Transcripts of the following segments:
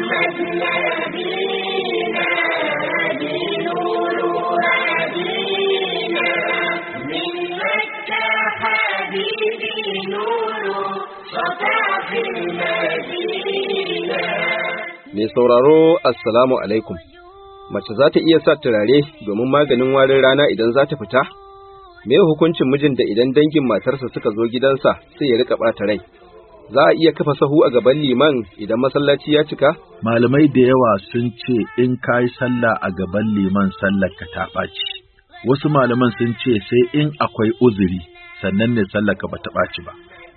Mai sauraro Assalamu alaikum. Mace za ta iya sa turare domin maganin warin rana idan za ta fita? Me hukuncin mijin da idan dangin matarsa suka zo gidansa sai ya rika ɓata rai? za a iya kafa sahu a gaban liman idan masallaci ya cika? Malamai da yawa sun ce in ka yi sallah a gaban liman sallar ka ta ɓaci. Wasu malaman sun ce sai in akwai uzuri sannan ne sallar ka ba ɓaci ba.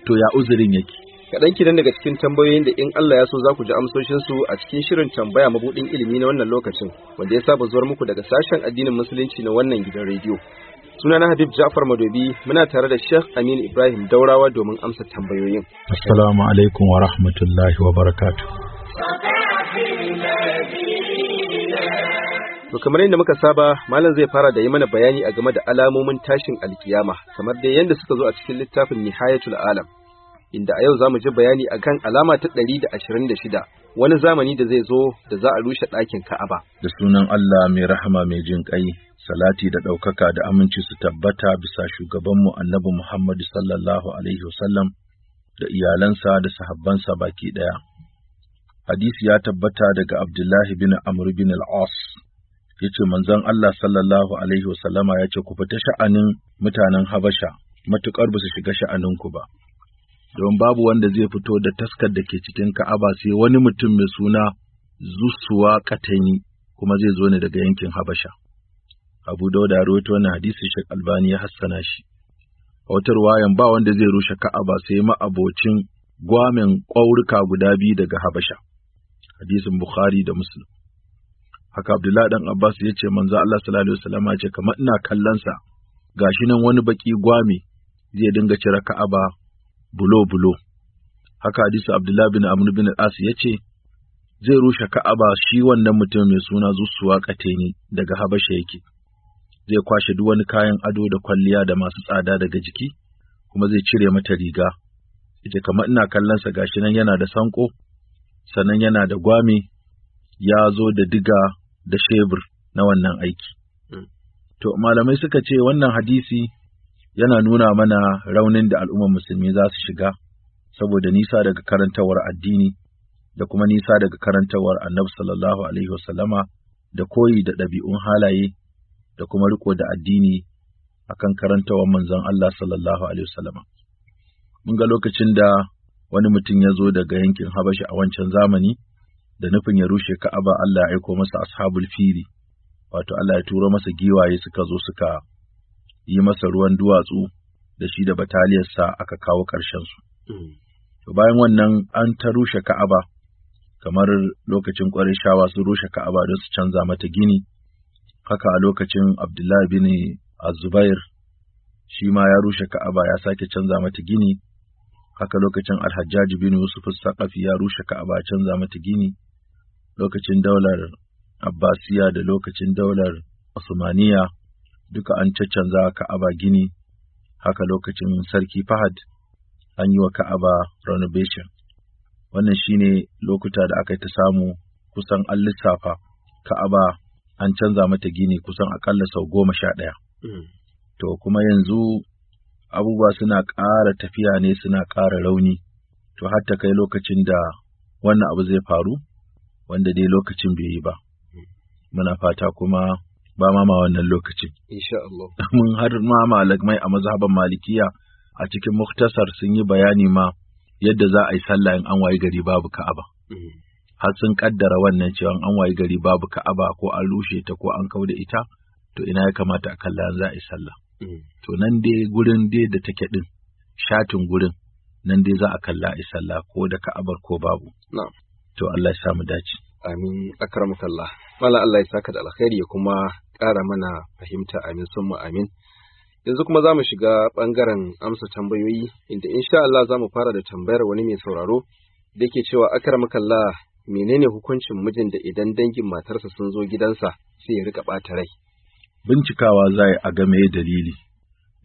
To ya uzurin yake? Kaɗan kidan daga cikin tambayoyin da in Allah ya so za ku ji amsoshinsu a cikin shirin tambaya mabuɗin ilimi na wannan lokacin, wanda ya saba zuwar muku daga sashen addinin musulunci na wannan gidan rediyo. sunana Habib Ja'far Madobi muna tare da Sheikh Amin Ibrahim Daurawa domin amsa tambayoyin. Assalamu alaikum wa rahmatullahi wa barakatuh. kamar yadda muka saba malam zai fara da yi mana bayani a game da alamomin tashin alkiyama kamar dai yadda suka zo a cikin littafin Nihayatul Alam. inda a yau za mu ji bayani a kan alama ta ɗari da da ashirin shida wani zamani da zai zo da za a rushe ɗakin Ka'aba. Da sunan Allah mai rahama mai jin ƙai, salati da ɗaukaka da aminci su tabbata bisa shugabanmu annabi Muhammadu sallallahu alaihi wasallam da iyalansa da sahabbansa baki ɗaya. Hadisi ya tabbata daga Abdullahi bin Amr bin al ya ce manzon Allah sallallahu alaihi wasallama ya ce ku fita sha'anin mutanen Habasha matuƙar ba su shiga sha'aninku ba. don babu wanda zai fito da taskar da ke cikin Ka'aba sai wani mutum mai suna Zusuwa Katani kuma zai zo ne daga yankin Habasha. Abu Dauda ya rawaito wannan hadisi Sheikh Albani ya hassana shi. A wayan ba wanda zai rushe Ka'aba sai ma'abocin gwamen ƙwaurika guda biyu daga Habasha. Hadisin Bukhari da Muslim. Haka Abdullahi dan Abbas ya ce manzo Allah sallallahu alaihi wasallam ya ce kamar ina kallon sa gashi nan wani baki gwame zai dinga cire Ka'aba bulo-bulo. Haka hadisu Abdullah bin Amr bin As ya ce, Zai rushe Ka'aba shi wannan mutum mai suna zusuwa kateni daga Habasha yake, zai kwashe duk wani kayan ado da kwalliya da masu tsada daga jiki, kuma zai cire mata riga, ita kamar ina kallonsa gashi nan yana da sanko, sannan yana da gwami, ya zo da diga da shebur na wannan aiki. Hmm. To, malamai suka ce wannan hadisi yana nuna mana raunin da al'umman musulmi za su shiga saboda nisa daga karantawar addini da kuma nisa daga karantawar annabi sallallahu alaihi wasallama da koyi da ɗabi'un halaye da kuma riko da addini akan karantawar manzon Allah sallallahu alaihi wasallama mun ga lokacin da wani mutum ya zo daga yankin Habasha a wancan zamani da nufin ya rushe Ka'aba Allah ya aiko masa ashabul fili wato Allah ya turo masa giwaye suka zo suka yi masa ruwan duwatsu da shi da bataliyarsa aka kawo ƙarshensu. Hmm. To bayan wannan an ta rushe Ka'aba, kamar lokacin shawa su rushe Ka'aba don su canza mata gini, haka a lokacin Abdullahi bin Azubair shi ma ya rushe Ka'aba ya sake canza mata gini, haka lokacin Alhajjaji bin Yusuf Saqafi ya rushe Ka'aba canza mata gini, lokacin daular Abbasiya da lokacin daular Osmaniya. duka an caccanza Ka'aba gini, haka lokacin Sarki Fahad an yi wa Ka'aba renovation. Wannan shi ne lokuta da aka ta samu kusan an lissafa Ka'aba an canza mata gini kusan akalla sau goma sha ɗaya. Mm. To kuma yanzu abubuwa suna ƙara tafiya ne suna ƙara rauni, to har ta kai lokacin da wannan abu zai faru, wanda dai lokacin bai yi ba. Mm. Muna fata kuma ba ma ma wannan lokacin. Insha Allah. Mun har ma malamai a mazhaban malikiya a cikin muktasar sun yi bayani ma yadda za a yi sallah in an wayi gari babu Ka'aba. Mm. Har sun kaddara wannan cewa an wayi gari babu Ka'aba ko an rushe ta ko an kauda ita to ina ya kamata a kalla za a yi sallah. Mm. To nan dai gurin dai da take din shatin gurin nan dai za a kalla a yi sallah ko da Ka'abar ko babu. To Allah ya samu dace. Amin akramukallah. Mala Allah ya saka da alkhairi ya kuma ƙara mana fahimta amin sun mu amin yanzu kuma za mu shiga ɓangaren amsa tambayoyi inda insha Allah za mu fara da tambayar wani mai sauraro da ke cewa makalla menene hukuncin mijin da idan dangin matarsa sun zo gidansa sai ya rika ɓata rai bincikawa za a ga me dalili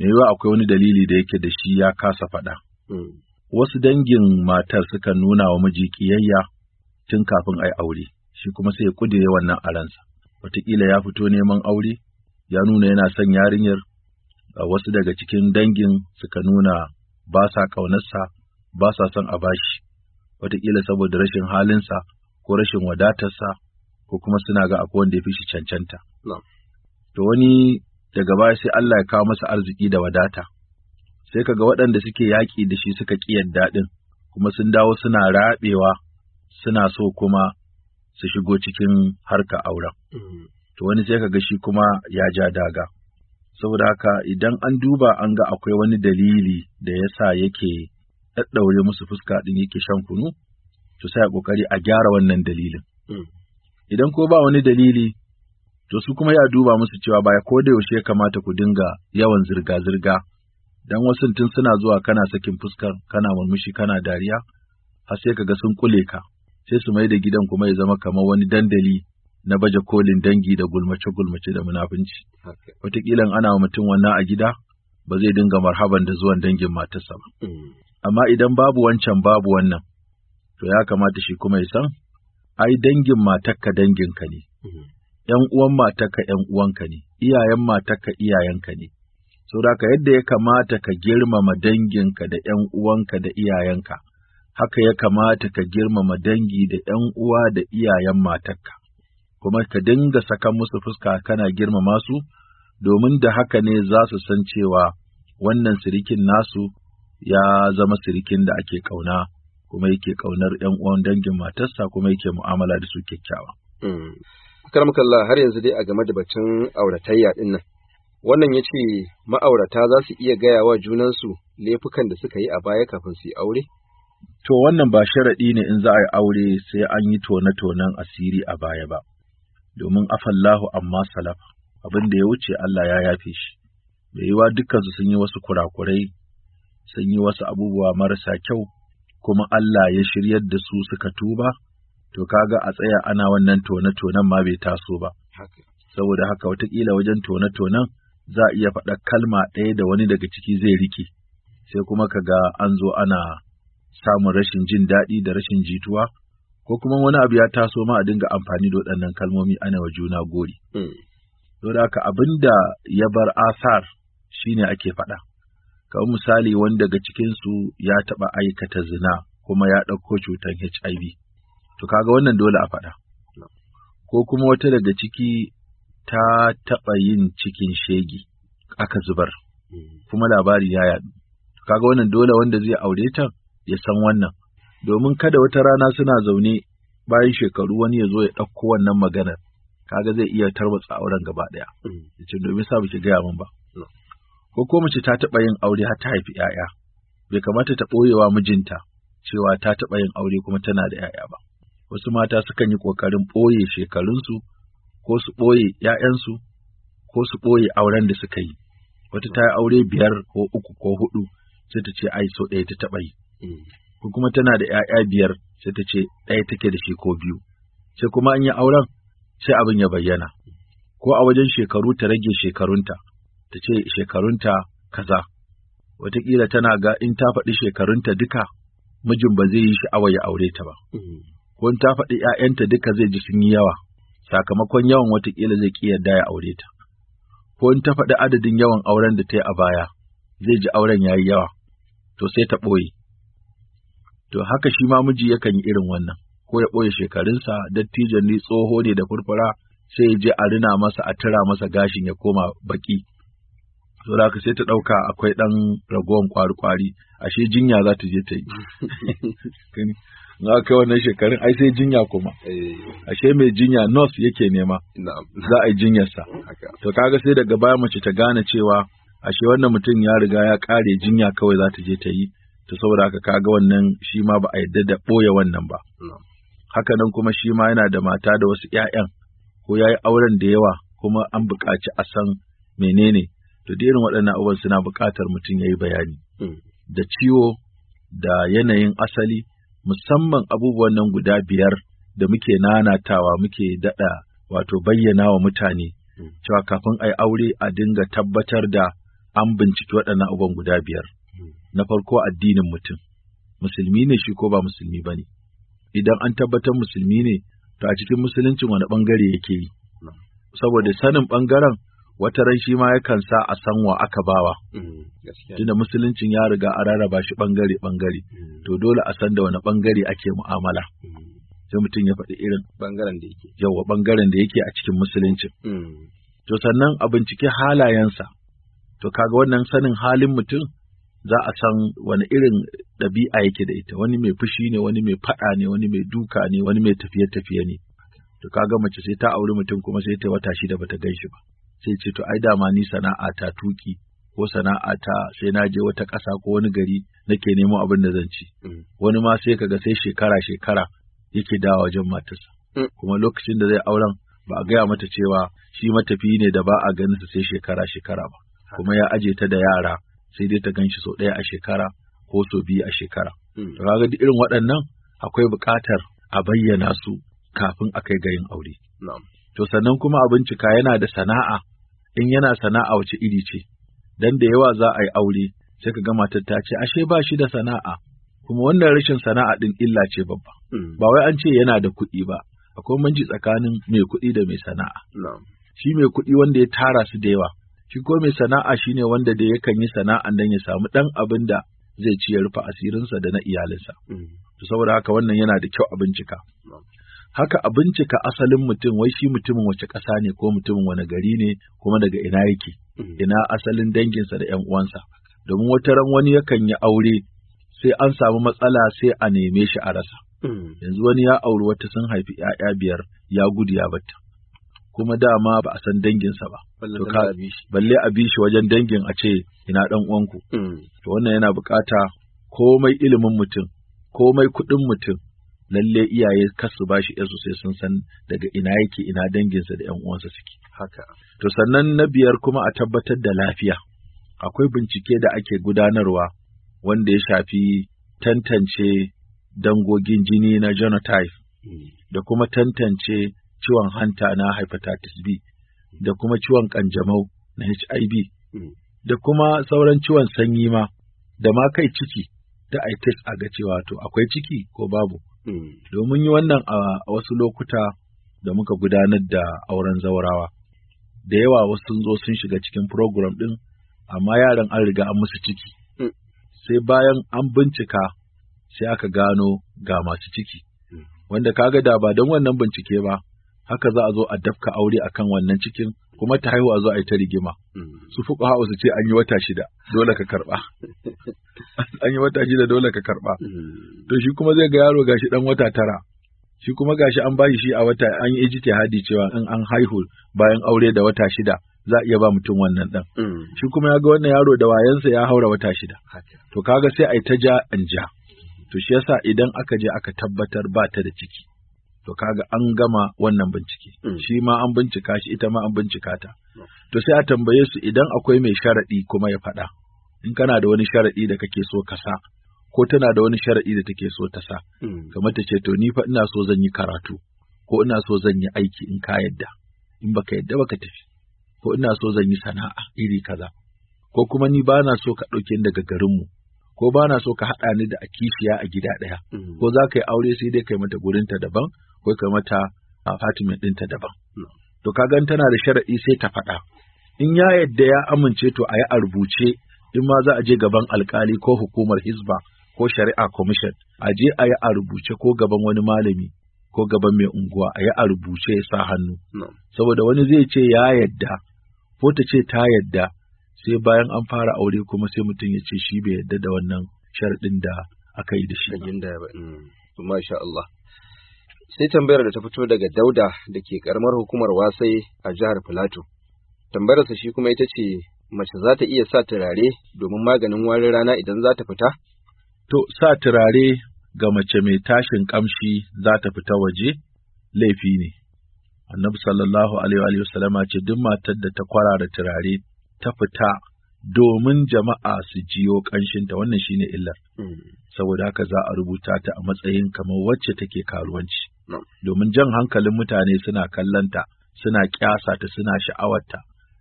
me yiwa akwai wani dalili da yake da shi ya kasa faɗa hmm. wasu dangin matar suka nuna wa miji ƙiyayya tun kafin a yi aure shi kuma sai ya ƙudire wannan aransa wataƙila ya fito neman aure, ya nuna yana son yarinyar, wasu daga cikin dangin suka nuna ba sa ƙaunarsa, ba sa son a bashi, wataƙila saboda rashin halinsa ko rashin wadatarsa ko kuma suna ga akwai wanda ya fi shi cancanta. To wani daga baya sai Allah ya kawo masa arziki da wadata, sai kaga waɗanda suke yaƙi da shi suka ƙi yadda ɗin, kuma sun dawo suna raɓewa, suna so kuma su shigo cikin harka auren. Mm. To wani sai ka ga shi kuma ya ja daga. Saboda haka idan an duba an ga akwai wani dalili da ya sa yake ɗaɗɗaure musu fuska ɗin yake shan kunu, to sai a ƙoƙari a gyara wannan dalilin. Mm. Idan ko ba wani dalili, to su kuma ya duba musu cewa baya ko da yaushe ya kamata ku dinga yawan zirga-zirga. Dan wasu tun suna zuwa kana sakin fuskar, kana murmushi, kana dariya, har sai kaga sun kule ka. sai su mai da gidan kuma ya zama kamar wani dandali na baje kolin dangi da gulmace-gulmace da munafunci. Wataƙila ana wa mutum wannan a gida ba zai dinga marhaban da zuwan dangin matarsa ba. Mm. Amma idan babu wancan babu wannan, to ya kamata shi kuma ya san, ai dangin matarka danginka ne, ‘yan mm. uwan matarka ‘yan uwanka ne, iyayen matarka iyayenka ne. Saboda yadda ya kamata ka girmama danginka da ‘yan uwanka da iyayenka, haka ya kamata ka girmama dangi da ’yan uwa da iyayen matarka, kuma ka dinga saka musu fuska kana girmama su, domin da haka ne za su san cewa wannan sirikin nasu ya zama sirikin da ake ƙauna, kuma yake ƙaunar ’yan uwan dangin matarsa kuma yake mu'amala da su kyakkyawa. Hmm. Karmakalla har yanzu dai a game da batun auratayya ɗin nan. Wannan ya ce ma'aurata za su iya gaya wa junansu laifukan da suka yi a baya kafin su yi aure? To wannan ba sharaɗi ne in za a yi aure sai an yi tona-tonan asiri a baya ba, domin afallahu amma salaf abin da ya wuce Allah ya yafe shi, da yiwa dukkansu sun yi wasu kurakurai, sun yi wasu abubuwa marasa kyau, kuma Allah ya shiryar da su suka tuba, to kaga a tsaya ana wannan tona-tonan ma bai taso ba. Saboda haka watakila wajen tona-tonan, za a iya faɗa kalma ɗaya da wani daga ciki zai rike, sai kuma ka ga an zo ana samun rashin jin daɗi da rashin jituwa, ko kuma wani abu ya taso ma a dinga amfani da waɗannan kalmomi ana wa juna gori. Hmm. Don haka abin da ya bar asar shi ne ake faɗa. Kamar misali wanda daga cikinsu ya taɓa aikata zina kuma ya ɗauko cutar HIV. To kaga wannan dole a faɗa. Ko kuma wata daga ciki ta taɓa yin cikin shegi aka zubar, hmm. kuma labari ya yaɗu. Kaga wannan dole wanda zai aure ta ya san wannan, domin kada wata rana suna zaune bayan shekaru wani ya zo ya ɗauko wannan maganar, kaga zai iya tarwatsa auren gaba ɗaya. Mm. Ya ce, domin sa baki gaya min ba. Ko ko mace ta taɓa yin aure har ta haifi ‘ya'ya, bai kamata ta ɓoyewa mijinta cewa ta taɓa yin aure kuma tana da ‘ya'ya ba. Wasu mata sukan yi ƙoƙarin ɓoye shekarunsu, ko su ɓoye ‘ya'yansu, ko su ɓoye auren da suka yi. Wata ta yi aure biyar ko uku ko huɗu, sai ta ce ai so ɗaya ta taɓa yi. ko kuma tana da ‘ya'ya biyar sai ta ce ɗaya take da shi ko biyu, sai kuma an yi auren sai abin ya bayyana, ko a wajen shekaru ta rage shekarunta, ta ce shekarunta kaza, wataƙila tana ga in ta faɗi shekarunta duka mijin ba zai yi sha'awa ya aure ta ba, ko in ta faɗi ‘ya'yanta duka zai ji sun yi yawa, sakamakon yawan wataƙila zai ƙi yarda ya aure ta, ko in ta faɗi adadin yawan auren da ta yi a baya, zai ji auren ya yi yawa, to sai ta ɓoye. To haka shi ma miji yakan yi irin wannan, ko ya ɓoye shekarunsa, dattijon ni tsoho ne da furfura, sai ya je a rina masa a tira masa gashin ya koma baki. To da sai ta ɗauka akwai ɗan ragowan kwari-kwari, ashe jinya za ta je ta yi. Na kai wannan shekarun ai sai jinya kuma. Eh. Ashe mai jinya nurse yake nema. Za a yi jinyarsa. To kaga sai daga baya mace ta gane cewa ashe wannan mutum ya riga ya kare jinya kawai za ta je ta yi to saboda haka kaga wannan shi ma ba a yadda da ɓoye wannan ba. Haka nan kuma shi ma yana da mata da wasu ‘ya'yan ko ya yi auren da yawa kuma an buƙaci a san menene to da irin waɗannan abubuwan suna buƙatar mutum ya yi bayani. Hmm. Da ciwo da yanayin asali musamman abubuwan nan guda biyar da muke nanatawa muke daɗa wato bayyana wa mutane hmm. cewa kafin a yi aure a dinga tabbatar da an binciki waɗannan abubuwan guda biyar. na farko addinin mutum, musulmi ne shi ko ba musulmi ba ne, idan an tabbatar musulmi ne, to a cikin musuluncin wani ɓangare yake yi, saboda sanin ɓangaren wata ran shi ma yakan sa a san wa aka bawa, mm, tunda musuluncin ya riga a rarraba shi ɓangare-ɓangare, mm. to dole a san da wani ɓangare ake mu'amala. Mm. Sai mutum ya faɗi irin ɓangaren da yake. Yawwa ɓangaren da yake a cikin musuluncin. To sannan a bincike halayensa, to kaga wannan sanin halin mutum za a san wani irin ɗabi'a yake da ita wani mai fushi ne wani mai faɗa ne wani mai duka ne wani mai tafiye-tafiye ne to kaga mace sai ta auri mutum kuma sai ta wata da bata ganshi ba sai ce to ai dama ni sana'a ta tuki ko sana'a ta sai na je wata ƙasa ko wani gari nake nemo abin da zan ci mm. wani ma sai kaga sai shekara shekara yake dawa wajen matarsa mm. kuma lokacin da zai auren ba a gaya mata cewa shi matafi ne da ba a ganin sa sai shekara shekara ba kuma ya aje ta da yara sai dai ta ganshi sau ɗaya a shekara ko sau biyu a shekara. Hmm. To kaga duk irin waɗannan akwai buƙatar a bayyana su kafin a kai ga yin aure. To sannan kuma a bincika yana da sana'a in yana sana'a wace iri ce. Dan da yawa za a yi aure sai ka ga matar ta ce ashe ba shi da sana'a kuma wannan rashin sana'a din illa ce babba. Hmm. Ba wai an ce yana da kuɗi ba akwai manji tsakanin mai kuɗi da mai sana'a. Shi mai kuɗi wanda ya tara su da yawa Shi ko mai sana'a shine wanda da yakan yi sana'an dan ya samu ɗan abin da zai ci ya rufe asirinsa da na iyalinsa. Mm. To saboda haka wannan yana da kyau a bincika. Mm. Haka a bincika asalin mutum wai shi mutumin wace ƙasa ne ko mutumin wani gari ne kuma daga ina yake, mm. ina asalin danginsa da ‘yan uwansa. Domin wata ran wani yakan yi aure sai an samu matsala sai a neme shi a rasa. Yanzu wani ya auri wata sun haifi ‘ya'ya biyar ya gudu ya batta. kuma dama ba a san danginsa ba. To ka balle a bi shi wajen dangin a ce ina dan uwanku. Hmm. To wannan yana bukata komai ilimin mutum, komai kuɗin mutum, lalle iyaye kasu su bashi yarsu sai sun san daga ina yake ina danginsa da 'yan uwansa suke. Haka. To sannan na biyar kuma a tabbatar da lafiya. Akwai bincike da ake gudanarwa wanda ya shafi tantance dangogin jini na genotype hmm. da kuma tantance ciwon hanta na hepatitis B da kuma ciwon ƙanjamau na HIV hmm. da kuma sauran ciwon sanyi ma da ma kai ciki da a test a ga cewa to akwai ciki ko babu hmm. domin yi wannan a wasu lokuta da muka gudanar da auren zaurawa da yawa wasu sun zo sun shiga cikin program ɗin, amma yaran an riga an musu ciki hmm. sai bayan an bincika sai aka gano ga masu ciki wanda kaga da ba don wannan bincike ba haka za a zo a dafka aure akan wannan cikin kuma ta haihu a zo a yi ta rigima mm. su fuka hawa su ce an yi wata shida dole ka karba an yi wata shida dole ka karba mm. to shi kuma zai ga yaro gashi dan wata tara shi kuma gashi an bashi shi a wata an yi hadi cewa in an haihu bayan aure da wata shida za a iya ba mutum wannan dan mm. shi kuma ya ga wannan yaro da wayansa ya haura wata shida to kaga sai a yi ta ja in ja to shi yasa idan aka je aka tabbatar ba ta da ciki to kaga an gama wannan bincike hmm. shi ma an bincika shi ita ma an bincika ta hmm. to sai a tambaye su idan akwai mai sharadi kuma ya faɗa in kana da wani sharadi da kake so ka sa ko tana da wani sharadi da take so ta sa hmm. kamar ta ce to ni fa ina so zan yi karatu ko ina so zan yi aiki in ka yadda in baka yadda baka tafi ko ina so zan yi sana'a iri kaza ko kuma ni ba na so ka ɗauke daga garinmu ko ba na so ka haɗa ni da a kishiya a gida ɗaya, ko za ka yi aure sai dai kai mata gurinta daban, ko ka mata a fatima ɗinta daban. Hmm. To ka gan tana da sharaɗi sai ta faɗa. In ya yadda ya amince to a yi a rubuce in ma za a je gaban alkali ko hukumar hizba ko shari'a commission a je a yi a rubuce ko gaban wani malami ko gaban mai unguwa a yi a rubuce ya sa hannu. Saboda wani zai ce ya yadda ko ta ce ta yadda sai bayan an fara aure kuma sai mutum ya ce shi bai yadda da wannan sharaɗin da aka yi da shi. Mm. Masha Allah. sai tambayar da ta fito daga dauda da ke karamar hukumar wasai a jihar filato tambayarsa shi kuma ita ce mace za ta iya sa turare domin maganin warin rana idan za ta fita to sa turare ga mace mai tashin kamshi za ta fita waje laifi ne annabi sallallahu alaihi wasallama ce duk matar da ta kwara da turare ta fita domin jama'a su jiyo ƙanshinta wannan shine illar. Hmm. Saboda haka za a rubuta ta a matsayin kamar wacce take karuwanci. domin jan hankalin mutane suna kallanta suna kyasa ta suna sha'awarta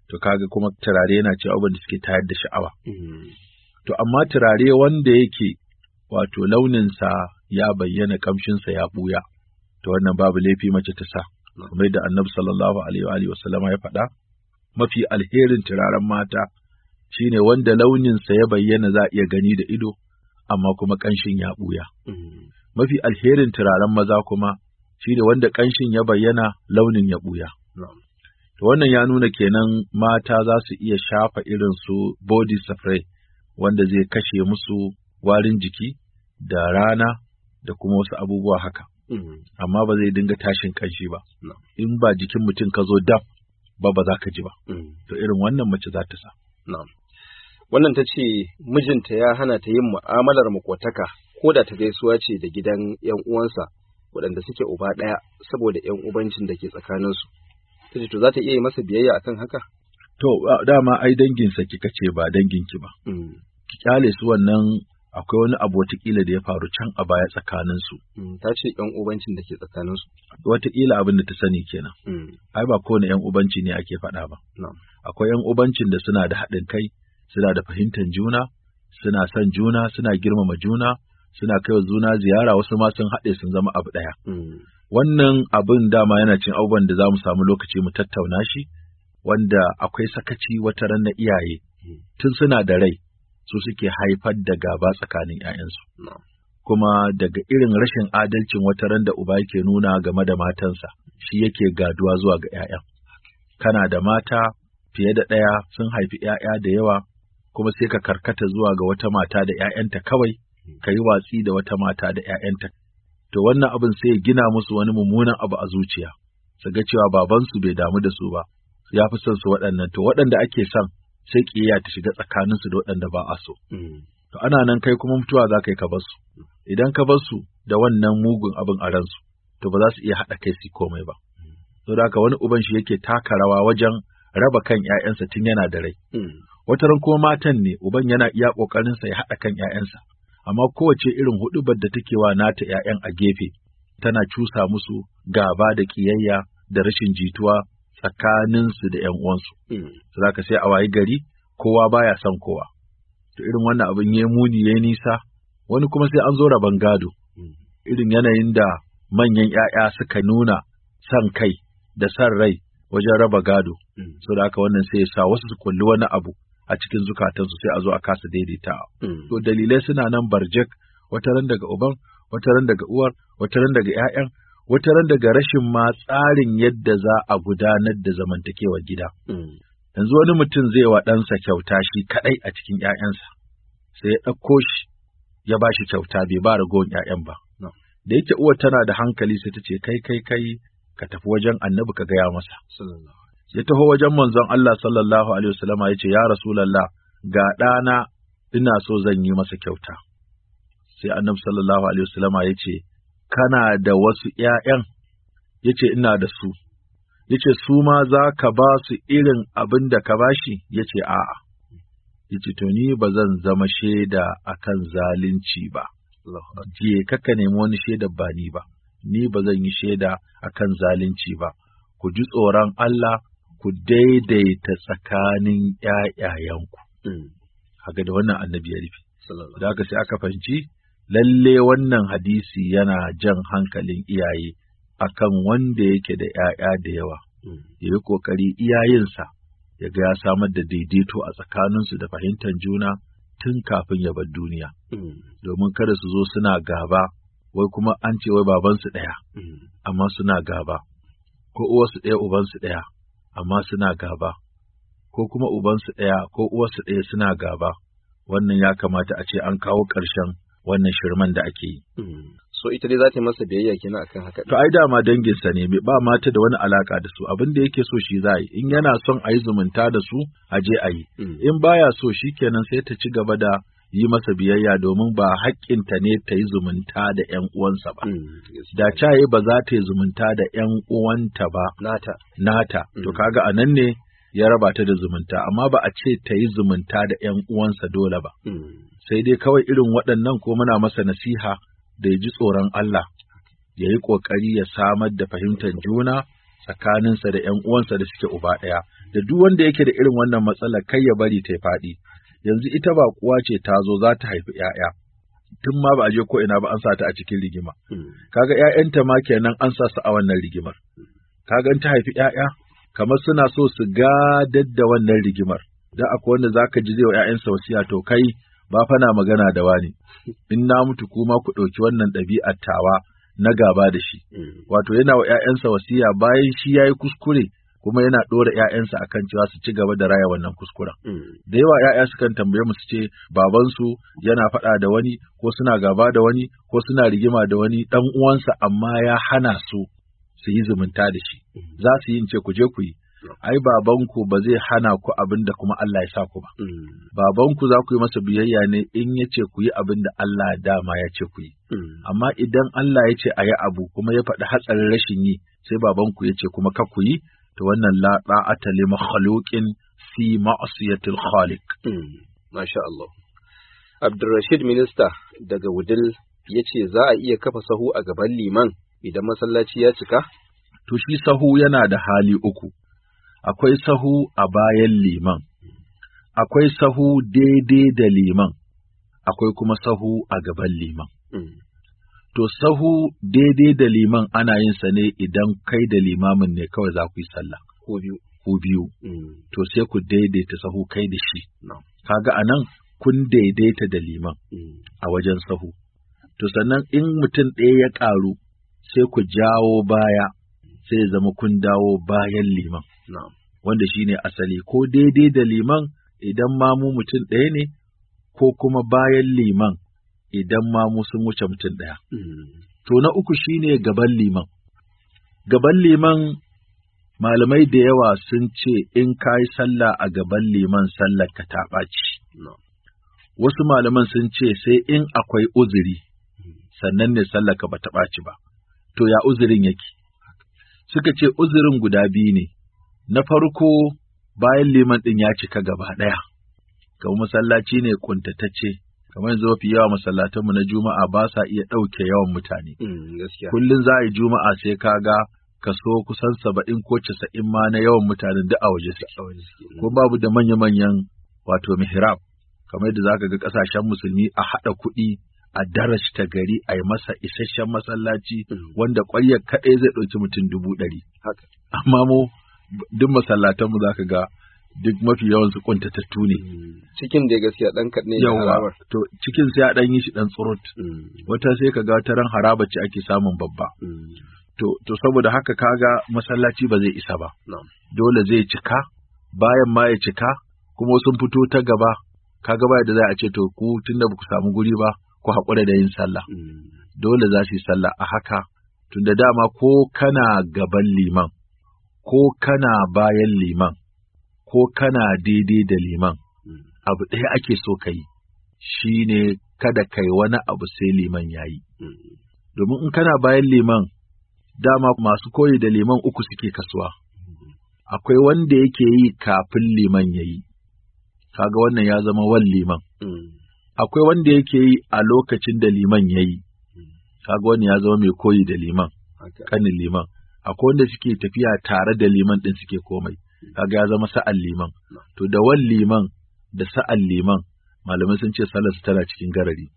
to kaga kuma turare yana cewa abin da suke tayar da sha'awa mm. to amma turare wanda yake wato launinsa ya bayyana kamshinsa ya buya to wannan babu laifi mace ta sa kamar da annabi sallallahu alaihi wa sallama ya faɗa mafi alherin turaren mata shine wanda launinsa ya bayyana za iya gani da ido amma kuma kanshin ya buya mm. mafi alherin turaren maza kuma shi da wanda ƙanshin ya bayyana launin ya ɓuya. To wannan ya nuna kenan mata za su iya shafa irin su body spray wanda zai kashe musu warin jiki da rana da kuma wasu abubuwa haka. Mm-hmm. Amma ba zai dinga tashin ƙanshi ba. In ba jikin mutum ka zo daf ba ba za ka ji ba. Mm-hmm. To irin wannan mace za ta sa. Wannan ta ce mijinta ya hana ta yin mu'amalar makwataka ko da ta gaisuwa ce da gidan 'yan uwansa. waɗanda suke uba ɗaya saboda ‘yan ubancin da ke tsakaninsu. Ta ce, to za ta iya yi masa biyayya akan haka? To, dama ai danginsa kika ce ba mm. ki ba. Ki kyale su wannan akwai wani abu watakila da ya faru can a baya tsakaninsu. Mm, ta ce ‘yan ubancin da ke tsakaninsu. Watakila abin da ta sani kenan. Mm. Ai ba kowane ‘yan ubanci ne ake faɗa ba. Akwai ‘yan ubancin da suna da haɗin kai, suna da fahimtar juna, suna son juna, suna girmama juna, suna kaiwa zuna ziyara wasu ma sun haɗe sun zama abu ɗaya. Hmm. Wannan abin dama yana cin abubuwan da za mu samu lokaci mu tattauna shi, wanda akwai sakaci wata ran iyaye hmm. tun suna da rai su suke haifar da gaba tsakanin ‘ya'yansu. Kuma daga irin rashin adalcin wata ran da uba yake nuna game da matansa, shi yake gaduwa zuwa ga ‘ya'yan. Kana da mata fiye da ɗaya sun haifi ‘ya'ya da yawa, kuma sai ka karkata zuwa ga wata mata da ‘ya'yanta kawai, ka yi watsi da wata mata da ‘ya'yanta, to wannan abin sai ya gina musu wani mummunan abu a zuciya, su ga cewa babansu bai damu da su ba, ya fi son su waɗannan, to waɗanda ake son sai ƙiyayya ta shiga tsakaninsu da waɗanda ba a so. Mm. To ana nan kai kuma mutuwa za ka yi ka bar su, idan ka bar su da wannan mugun abin a ransu, to ba za su iya haɗa kai su komai ba. da haka wani uban shi yake taka rawa wajen raba kan ‘ya'yansa tun yana da rai. Mm. Wata ran kuma matan ne, uban yana iya ƙoƙarinsa ya haɗa kan ‘ya'yansa, amma kowace irin huɗubar da take wa nata ‘ya'yan a gefe, tana cusa musu gaba da ƙiyayya da rashin jituwa tsakaninsu da ‘yan uwansu. Hmm. Za ka sai a wayi gari, kowa baya son kowa. To irin wannan abin ya muni ya nisa, wani kuma sai an zo rabon gado. Hmm. Irin yanayin da manyan ‘ya'ya suka nuna son kai da son rai wajen raba gado. Hmm. Sau da haka wannan sai ya sa wasu su kulli wani abu a cikin zukatansu sai a zo a kasa daidaita. Hmm. To dalilai suna nan barjek wata ran daga uban, wata ran daga uwar, wata ran daga ‘ya'yan, wata ran daga rashin ma tsarin yadda za a gudanar da zamantakewar gida. Hmm. Yanzu wani mutum zai wa ɗansa kyauta shi kaɗai a cikin ‘ya'yansa, sai ya ɗauko shi ya ba shi kyauta bai ba ragowar ‘ya'yan ba. Da yake uwa tana da hankali sai ta ce kai kai kai ka tafi wajen annabi ka gaya masa. ya taho wajen manzon Allah sallallahu alaihi wasallama ya ce ya rasulullah ga ɗana ina so zan yi masa kyauta sai annabi sallallahu alaihi wasallama ya ce kana da wasu ’ya'yan ya ce ina da su ya ce su ma za ka ba su irin abin da ka bashi ya ce a'a ya ce to ni ba zan zama shaida akan zalunci ba je kaka nemi wani shaida ba ni ba ni ba zan yi shaida akan zalunci ba ku ji tsoron Allah ku daidaita tsakanin ‘ya'yayanku. Haka mm. da wannan annabi ya rufe. Da haka sai aka fahimci, lalle wannan hadisi yana jan hankalin iyaye akan wanda yake da ‘ya'ya da yawa, mm. ya yi ƙoƙari iyayensa ya ga ya samar da daidaito a tsakaninsu da fahimtar juna tun kafin ya bar duniya. Mm. Domin kada su zo suna gaba, wai kuma an ce wai babansu ɗaya, amma suna gaba, ko uwarsu ɗaya ubansu ɗaya. amma suna gaba, ko kuma ubansu ɗaya ko uwarsu ɗaya suna gaba, wannan ya kamata a ce an kawo ƙarshen wannan shirman da ake yi. Hmm. So ita dai za ta masa biyayya kenan akan haka. To ai dama danginsa ne ba mata da wani alaka da su abin da yake so shi za yi in yana son a yi zumunta da su a je a yi hmm. in baya so shi shikenan sai ta ci gaba da yi masa biyayya domin ba haƙƙinta ne ta yi zumunta da ‘yan uwansa ba. Mm, da caye ba za ta yi zumunta da ‘yan uwanta ba. Nata. Nata. To mm. kaga a nan ne ya raba ta da zumunta, amma ba a ce ta yi zumunta da ‘yan uwansa dole ba. Mm. Sai dai kawai irin waɗannan ko muna masa nasiha da ya ji tsoron Allah, ya yi ƙoƙari ya samar da fahimtar juna tsakaninsa da ‘yan uwansa da suke uba ɗaya, da duk wanda yake da irin wannan matsalar kai ya bari ta faɗi. yanzu ita ba kuwa ce ta zo za ta haifi ‘ya'ya, tun ma ba a je ko ina ba an sa ta a cikin rigima. Hmm. Kaga ‘ya'yanta ma kenan an sa su a wannan rigimar. Kaga in ta haifi ‘ya'ya, kamar suna so su gadar da wannan rigimar. Da akwai wanda za ka ji zai wa ‘ya'yansa wasiya to kai ba fana magana da wani. In na mutu kuma ku ɗauki wannan ɗabi'ar tawa na gaba da shi. Hmm. Wato yana wa ‘ya'yansa wasiya bayan shi ya yi kuskure kuma yana ɗora ‘ya'yansa akan cewa su ci gaba da raya wannan kuskuren. Hmm. Da yawa ‘ya'ya kan tambaye mu su ce babansu yana faɗa da wani ko suna gaba da wani ko suna rigima da wani ɗan uwansa amma ya hana su su yi zumunta da shi. Hmm. Za su yi ce ku je ku yi. Ai babanku ba zai hana ku abin da kuma Allah ya sa ku ba. Hmm. Babanku za ku yi masa biyayya ne in ya ce ku yi abin da Allah dama ya ce ku yi. Amma idan Allah ya ce a yi abu kuma ya faɗi hatsarin rashin yi sai babanku ya ce kuma ka ku yi Da wannan la da'ata li makhluqin fi ma'siyatil khaliq hmm, masha Allah Abdulrashid minista daga Wudil ya ce za a iya kafa sahu a gaban liman idan masallaci ya cika? To shi sahu yana da hali uku, akwai sahu a bayan liman, akwai sahu daidai da liman, akwai kuma sahu a gaban liman. Mm. to sahu daidai da liman ana yin sa ne idan kai da limamin ne kawai za ku yi sallah. Ko biyu. Ko biyu. Mm. To sai ku daidaita sahu kai da shi. Kaga anan kun daidaita da liman mm. a wajen sahu. To sannan in mutum ɗaya ya ƙaru sai ku jawo baya sai zama kun dawo bayan liman. Wanda shine asali ko daidai da liman idan mamu mutum ɗaya ne ko kuma bayan liman idan ma sun wuce mutum ɗaya. Hmm. To na uku shine gaban liman. Gaban liman malamai da yawa sun ce in ka yi sallah a gaban liman sallar ka ta ɓaci. Wasu malaman sun ce sai in akwai uzuri sannan ne sallar ka ba ta ɓaci ba. To ya uzurin yake? Suka ce uzurin guda biyu ne. Na farko bayan liman ɗin ya cika gaba ɗaya, ga masallaci ne ƙuntatacce, kamar yanzu mafi yawa masallatanmu na juma'a ba sa iya ɗauke yawan mutane. Mm, Kullum za a yi juma'a sai ka ga ka kaso kusan saba'in ko casa'in ma na yawan mutanen da a waje suke. Ko mm. babu da manya-manyan wato mihrab kamar yadda za ka ga ƙasashen musulmi a haɗa kuɗi a darasta gari a yi masa isasshen masallaci mm. wanda ƙwaryar kaɗai zai ɗauki mutum dubu ɗari. Amma mu duk masallatanmu za ka ga duk mafi yawan su kuntatattu ne cikin da gaskiya ɗan kaɗan ne harabar to cikin sai a dan yi shi dan tsurut mm. wata sai ka ga taran haraba ce ake samun babba mm. to to saboda haka kaga masallaci ba zai isa ba dole zai cika bayan ma ya cika kuma sun fito ta gaba kaga ba da za a ce to ku tunda ba ku samu guri ba ku haƙura da yin sallah mm. dole za su yi sallah a haka tunda dama ko kana gaban liman ko kana bayan liman ko kana daidai da liman, hmm. abu ɗaya ake so ka yi, shi ne kada ka yi wani abu sai liman ya yi. Hmm. Domin in kana bayan liman, dama masu koyi da liman uku suke kasuwa. Hmm. Akwai wanda yake yi kafin liman ya yi, kaga wannan ya zama wan liman. Akwai wanda yake yi a lokacin da liman ya yi, kaga wani ya zama mai koyi da liman, kanin liman. Akwai wanda suke tafiya tare da liman ɗin suke komai. kaga ya zama sa'an liman to da wan liman da sa'an liman malamai sun ce salarsa tana cikin garari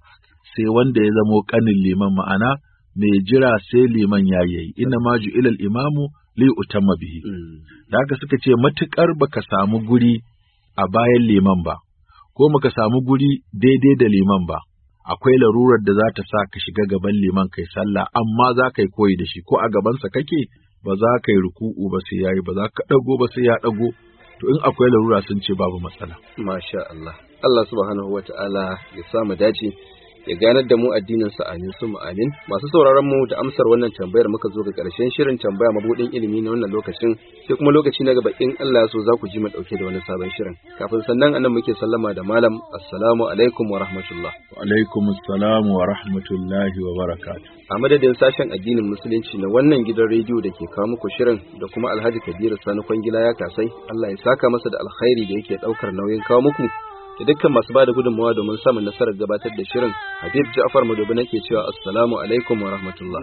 sai wanda ya zamo ƙanin liman ma'ana mai jira sai liman ya yi inna ma ilal imamu li utamma bihi da suka ce matukar baka samu guri a bayan liman ba ko baka samu guri daidai da liman ba akwai larurar da za ta sa ka shiga gaban liman kai sallah amma za ka yi koyi da shi ko a gabansa kake ba za ka yi ruku'u ba sai yayi ba za ka dago ba sai ya dago to in akwai larura sun ce babu matsala masha Allah Allah subhanahu wata'ala ya samu dace ya ganar da mu addinin sa amin su amin masu sauraron mu da amsar wannan tambayar muka zo ga karshen shirin tambaya mabudin ilimi na wannan lokacin sai kuma lokaci na gaba in Allah ya so za ku ji mu dauke da wani sabon shirin kafin sannan anan muke sallama da malam assalamu alaikum wa rahmatullah wa alaikum assalam wa rahmatullahi wa barakatuh a madadin sashen addinin musulunci na wannan gidan rediyo da ke kawo muku shirin da kuma Alhaji Kabiru Sani Kwangila ya kasai Allah ya saka masa da alkhairi da yake daukar nauyin kawo muku da dukkan masu bada gudunmawa domin samun nasarar gabatar da shirin Habib Ja'far Madobi nake cewa assalamu alaikum wa rahmatullah